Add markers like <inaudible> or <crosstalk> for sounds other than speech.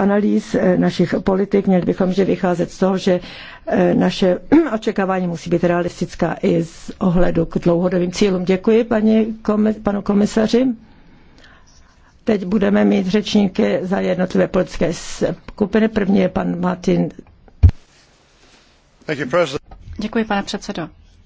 analýz eh, našich politik, měli bychom vždy vycházet z toho, že eh, naše <clears throat> očekávání musí být realistická i z ohledu k dlouhodobým cílům. Děkuji paní, panu komisaři. Teď budeme mít řečníky za jednotlivé politické skupiny. První je pan Martin. Děkuji, pane předsedo.